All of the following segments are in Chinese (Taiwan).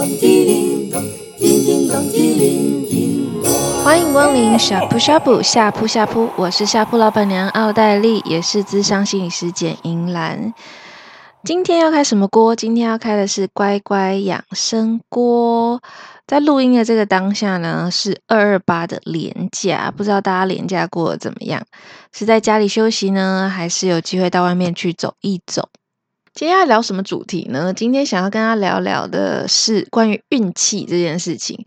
歡迎光臨，呷哺呷哺，呷哺呷哺，我是呷哺老闆娘奧黛麗，也是諮商心理師簡英蘭。今天要開什麼鍋？今天要開的是乖乖養生鍋。在錄音的這個當下呢，是二二八的連假，不知道大家連假過得怎麼樣？是在家裡休息呢，還是有機會到外面去走一走？今天要聊什麼主題呢？今天想要跟大家聊聊的是關於運氣這件事情。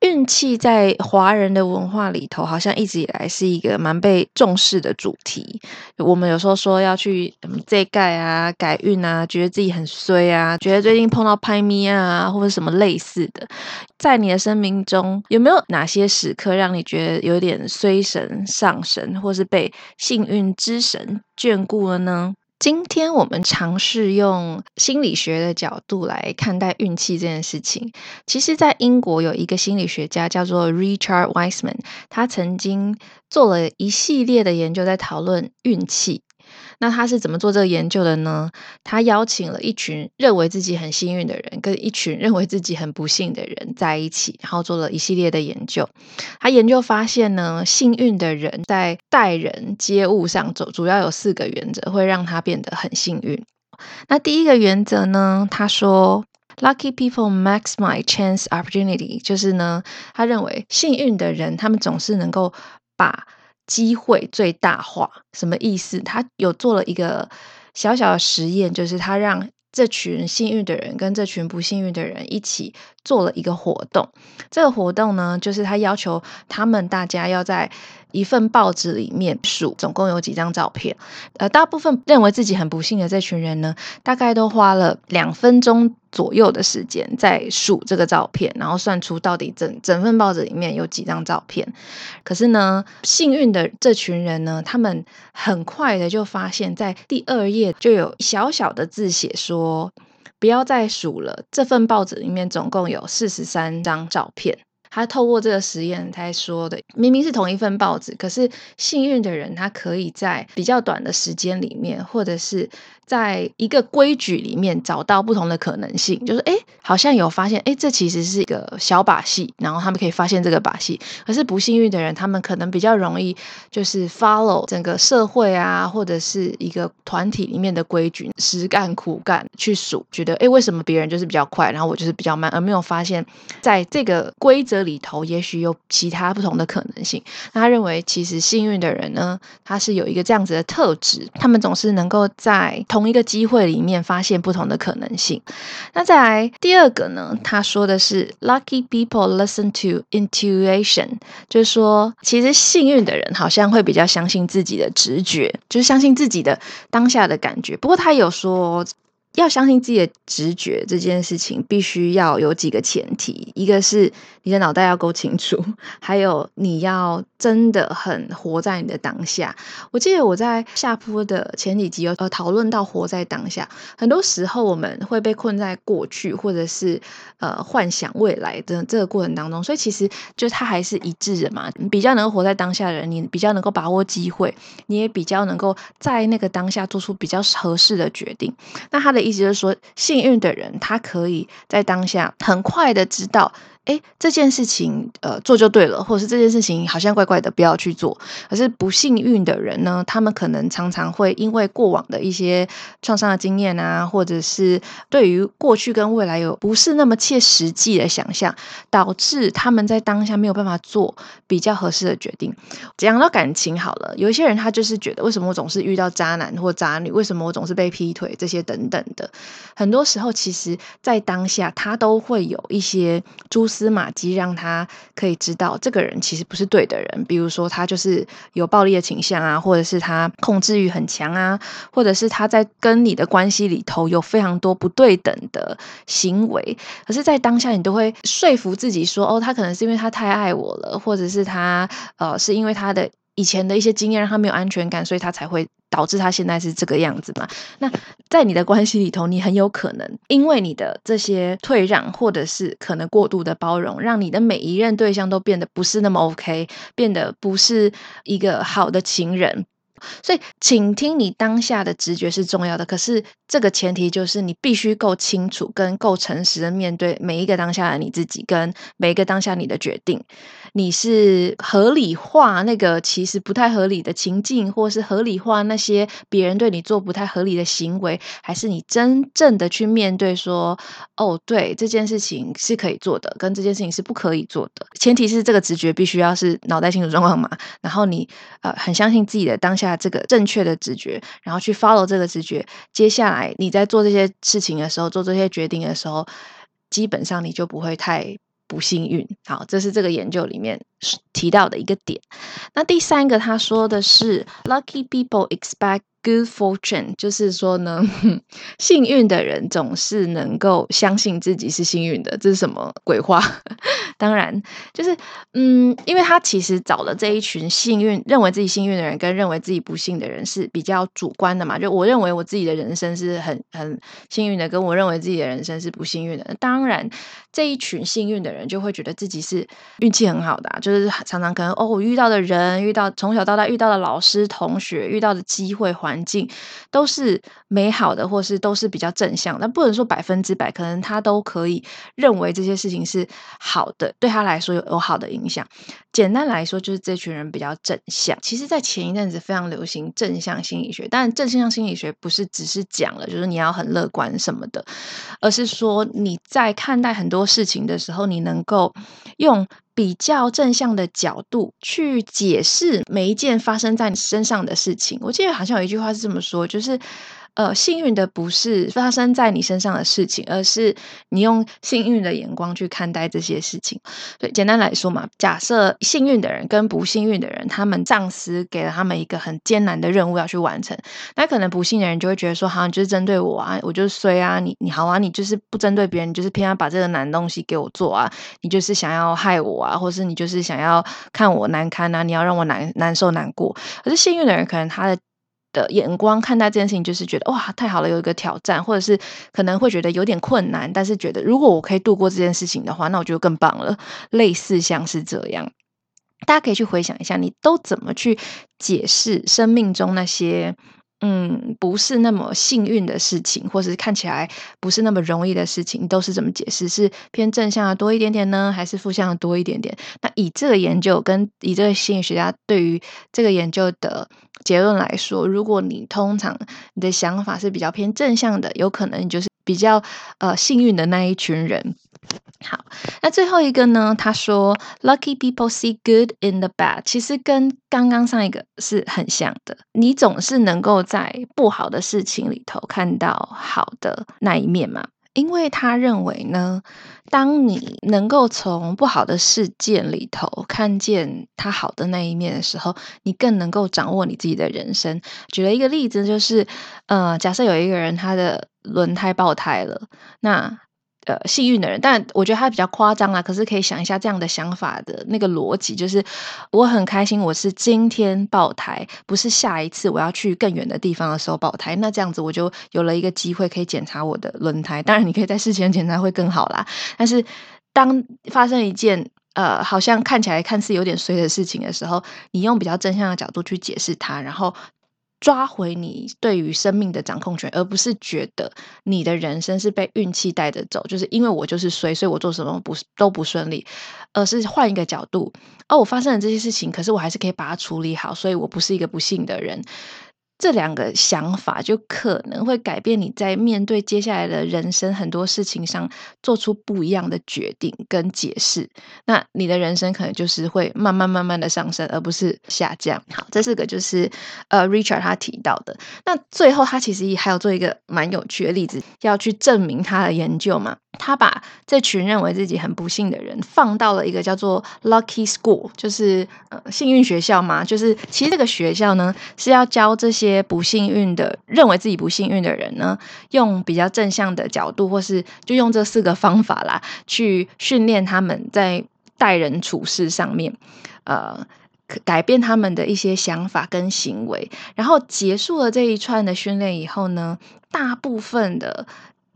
運氣在華人的文化裡頭，好像一直以來是一個蠻被重視的主題。我們有時候說要去什麼、嗯、這蓋啊、改運啊，覺得自己很衰啊，覺得最近碰到拍咪啊，或者什麼類似的。在你的生命中，有沒有哪些時刻讓你覺得有點衰神、上神，或是被幸運之神眷顧了呢？今天我們嘗試用心理學的角度來看待運氣這件事情。其實，在英國有一個心理學家叫做 Richard w e i s s m a n 他曾經做了一系列的研究，在討論運氣。那他是怎麼做這個研究的呢？他邀請了一群認為自己很幸運的人，跟一群認為自己很不幸的人在一起，然後做了一系列的研究。他研究發現呢，幸運的人在待人接物上走，主要有四個原則會讓他變得很幸運。那第一個原則呢，他說，"Lucky people maximize chance opportunity"，就是呢，他認為幸運的人，他們總是能夠把。機會最大化，什麼意思？他有做了一個小小的實驗，就是他讓這群幸運的人跟這群不幸運的人一起做了一個活動。這個活動呢，就是他要求他們大家要在一份報紙裡面數總共有幾張照片。呃，大部分認為自己很不幸的這群人呢，大概都花了兩分鐘左右的時間在數這個照片，然後算出到底整整份報紙裡面有幾張照片。可是呢，幸運的這群人呢，他們很快的就發現，在第二頁就有小小的字寫說：“不要再數了，這份報紙裡面總共有四十三張照片。”他透過這個實驗才說的。明明是同一份報紙，可是幸運的人他可以在比較短的時間裡面，或者是……在一個規矩裡面找到不同的可能性，就是誒，好像有發現，誒，這其實是一個小把戲，然後他們可以發現這個把戲。可是不幸運的人，他們可能比較容易就是 follow 整個社會啊，或者是一個團體裡面的規矩，實幹苦幹去數，覺得誒，為什麼別人就是比較快，然後我就是比較慢，而沒有發現在這個規則裡頭，也許有其他不同的可能性。那他認為，其實幸運的人呢，他是有一個這樣子的特質，他們總是能夠在通。同一個機會裡面發現不同的可能性。那再來，第二個呢？他說的是，Lucky people listen to intuition，就是說，其實幸運的人好像會比較相信自己的直覺，就是相信自己的當下的感覺。不過他有說，要相信自己的直覺這件事情，必須要有幾個前提，一個是。你的腦袋要夠清楚，還有你要真的很活在你的當下。我記得我在下鋪的前幾集有討論到活在當下。很多時候我們會被困在過去，或者是呃幻想未來的這個過程當中。所以其實就他還是一致的嘛，你比較能活在當下的人，你比較能夠把握機會，你也比較能夠在那個當下做出比較合適的決定。那他的意思就是說，幸運的人他可以在當下很快的知道，誒，這件事情呃做就對了，或者是這件事情好像怪怪的，不要去做。可是不幸運的人呢，他們可能常常會因為過往的一些創傷的經驗啊，或者是對於過去跟未來有不是那麼切實際的想象，導致他們在當下沒有辦法做比較合適的決定。講到感情好了，有一些人他就是覺得，為什麼我總是遇到渣男或渣女？為什麼我總是被劈腿？這些等等的，很多時候其實，在當下他都會有一些諸。絲馬跡讓他可以知道這個人其實不是對的人，比如說他就是有暴力的傾向啊，或者是他控制慾很強啊，或者是他在跟你的關係裡頭有非常多不對等的行為，可是在當下你都會說服自己說，哦，他可能是因為他太愛我了，或者是他呃是因為他的。以前的一些經驗讓他沒有安全感，所以他才會導致他現在是這個樣子嘛。那在你的關係裡頭，你很有可能因為你的這些退讓或者是可能過度的包容，讓你的每一任對象都變得不是那麼 OK，變得不是一個好的情人。所以，傾聽你當下的直覺是重要的。可是，這個前提就是你必須夠清楚跟夠誠實的面對每一個當下的你自己跟每一個當下你的決定。你是合理化那個其實不太合理的情境，或是合理化那些別人對你做不太合理的行為，還是你真正的去面對說，哦，對，這件事情是可以做的，跟這件事情是不可以做的。前提是這個直覺必須要是腦袋清楚狀況嘛。然後你呃，很相信自己的當下。這個正確的直覺，然後去 follow 這個直覺，接下來你在做這些事情的時候，做這些決定的時候，基本上你就不會太不幸運。好，這是這個研究裡面。提到的一個點，那第三個他說的是 “lucky people expect good fortune”，就是說呢， 幸運的人總是能夠相信自己是幸運的，這是什麼鬼話？ 當然，就是嗯，因為他其實找了這一群幸運，認為自己幸運的人跟認為自己不幸的人是比較主觀的嘛。就我認為我自己的人生是很很幸運的，跟我認為自己的人生是不幸運的。當然，這一群幸運的人就會覺得自己是運氣很好的啊，就。就是常常可能哦，我遇到的人、遇到從小到大遇到的老師、同學、遇到的機會、環境，都是美好的，或是都是比較正向。但不能說百分之百，可能他都可以認為這些事情是好的，對他來說有，有好的影響。簡單來說，就是這群人比較正向。其實在前一陣子非常流行正向心理學，但正向心理學不是只是講了，就是你要很樂觀什麼的，而是說你在看待很多事情的時候，你能夠用比較正向的角度去解釋每一件發生在你身上的事情。我記得好像有一句話是這麼說，就是。呃，幸運的不是發生在你身上的事情，而是你用幸運的眼光去看待這些事情。對，簡單來說嘛，假設幸運的人跟不幸運的人，他們暫時給了他們一個很艱難的任務要去完成。那可能不幸的人就會覺得說，好像就是針對我啊，我就衰啊。你你好啊，你就是不針對別人，你就是偏要把這個難東西給我做啊。你就是想要害我啊，或是你就是想要看我難堪啊，你要讓我難難受難過。可是幸運的人，可能他的。的眼光看待這件事情，就是覺得哇，太好了，有一個挑戰，或者是可能會覺得有點困難，但是覺得如果我可以度過這件事情的話，那我就更棒了。類似像是這樣，大家可以去回想一下，你都怎麼去解釋生命中那些。嗯，不是那麼幸運的事情，或者是看起來不是那麼容易的事情，都是怎麼解釋？是偏正向的多一點點呢，還是負向的多一點點？那以這個研究跟以這個心理學家對於這個研究的結論來說，如果你通常你的想法是比較偏正向的，有可能你就是比較呃幸運的那一群人。好。那最後一個呢？他說：“Lucky people see good in the bad。”其實跟剛剛上一個是很像的。你總是能夠在不好的事情裡頭看到好的那一面嘛？因為他認為呢，當你能夠從不好的事件裡頭看見他好的那一面的時候，你更能夠掌握你自己的人生。舉了一個例子，就是呃，假設有一個人他的輪胎爆胎了，那。幸運的人，但我覺得他比較誇張啦。可是可以想一下這樣的想法的那個邏輯，就是我很開心，我是今天爆胎，不是下一次我要去更遠的地方的時候爆胎。那這樣子我就有了一個機會可以檢查我的輪胎。當然，你可以在事前檢查會更好啦。但是當發生一件呃，好像看起來看似有點衰的事情的時候，你用比較正向的角度去解釋它，然後。抓回你對於生命的掌控權，而不是覺得你的人生是被運氣帶着走，就是因為我就是衰，所以我做什麼都不都不順利，而是換一個角度，哦，我發生了這些事情，可是我還是可以把它處理好，所以我不是一個不幸的人。這兩個想法就可能會改變你在面對接下來的人生很多事情上做出不一樣的決定跟解釋，那你的人生可能就是會慢慢慢慢的上升，而不是下降。好，這四個就是呃，Richard 他提到的。那最後他其實也還有做一個蠻有趣的例子，要去證明他的研究嘛。他把這群認為自己很不幸的人放到了一個叫做 “Lucky School”，就是呃幸運學校嘛。就是其實這個學校呢是要教這些不幸運的、認為自己不幸運的人呢，用比較正向的角度，或是就用這四個方法啦，去訓練他們在待人處事上面，呃，可改變他們的一些想法跟行為。然後結束了這一串的訓練以後呢，大部分的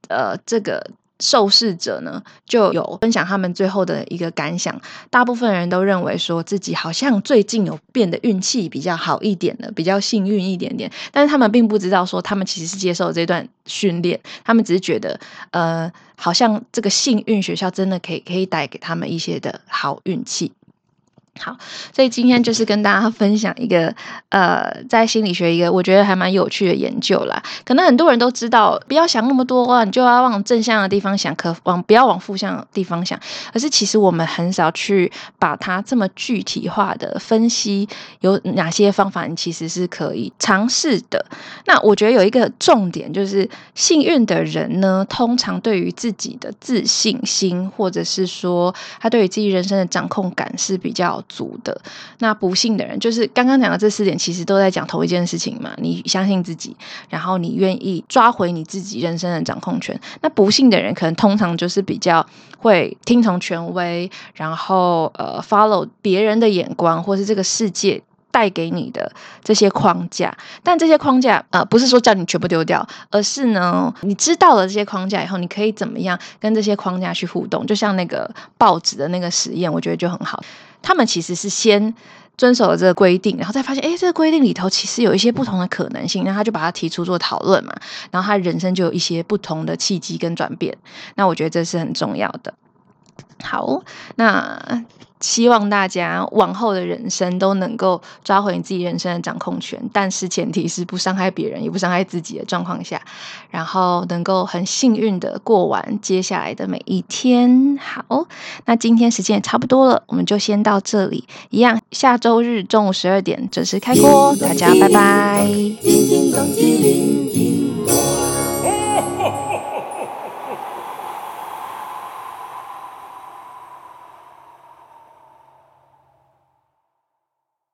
呃這個。受試者呢，就有分享他們最後的一個感想。大部分人都認為說自己好像最近有變得運氣比較好一點了，比較幸運一點點。但是他們並不知道說他們其實是接受這段訓練，他們只是覺得，呃，好像這個幸運學校真的可以可以帶給他們一些的好運氣。好，所以今天就是跟大家分享一個呃，在心理學一個我覺得還蠻有趣的研究啦。可能很多人都知道，不要想那麼多啊，你就要往正向的地方想，可往不要往負向的地方想。可是其實我們很少去把它這麼具體化的分析，有哪些方法你其實是可以嘗試的。那我覺得有一個重點就是，幸運的人呢，通常對於自己的自信心，或者是說他對於自己人生的掌控感是比較。足的。那不幸的人，就是剛剛講的這四點，其實都在講同一件事情嘛。你相信自己，然後你願意抓回你自己人生的掌控權。那不幸的人可能通常就是比較會聽從權威，然後呃 follow 別人的眼光，或是這個世界帶給你的這些框架。但這些框架呃不是說叫你全部丟掉，而是呢你知道了這些框架以後，你可以怎麼樣跟這些框架去互動？就像那個報紙的那個實驗，我覺得就很好。他們其實是先遵守了這個規定，然後再發現，誒，這個規定裡頭其實有一些不同的可能性，那他就把它提出做討論嘛，然後他人生就有一些不同的契機跟轉變，那我覺得這是很重要的。好，那希望大家往後的人生都能夠抓回你自己人生的掌控權，但是前提是不傷害別人也不傷害自己的狀況下，然後能夠很幸運的過完接下來的每一天。好，那今天時間也差不多了，我們就先到這裡，一樣下周日中午十二點準時開鍋，音咚音咚，大家拜拜。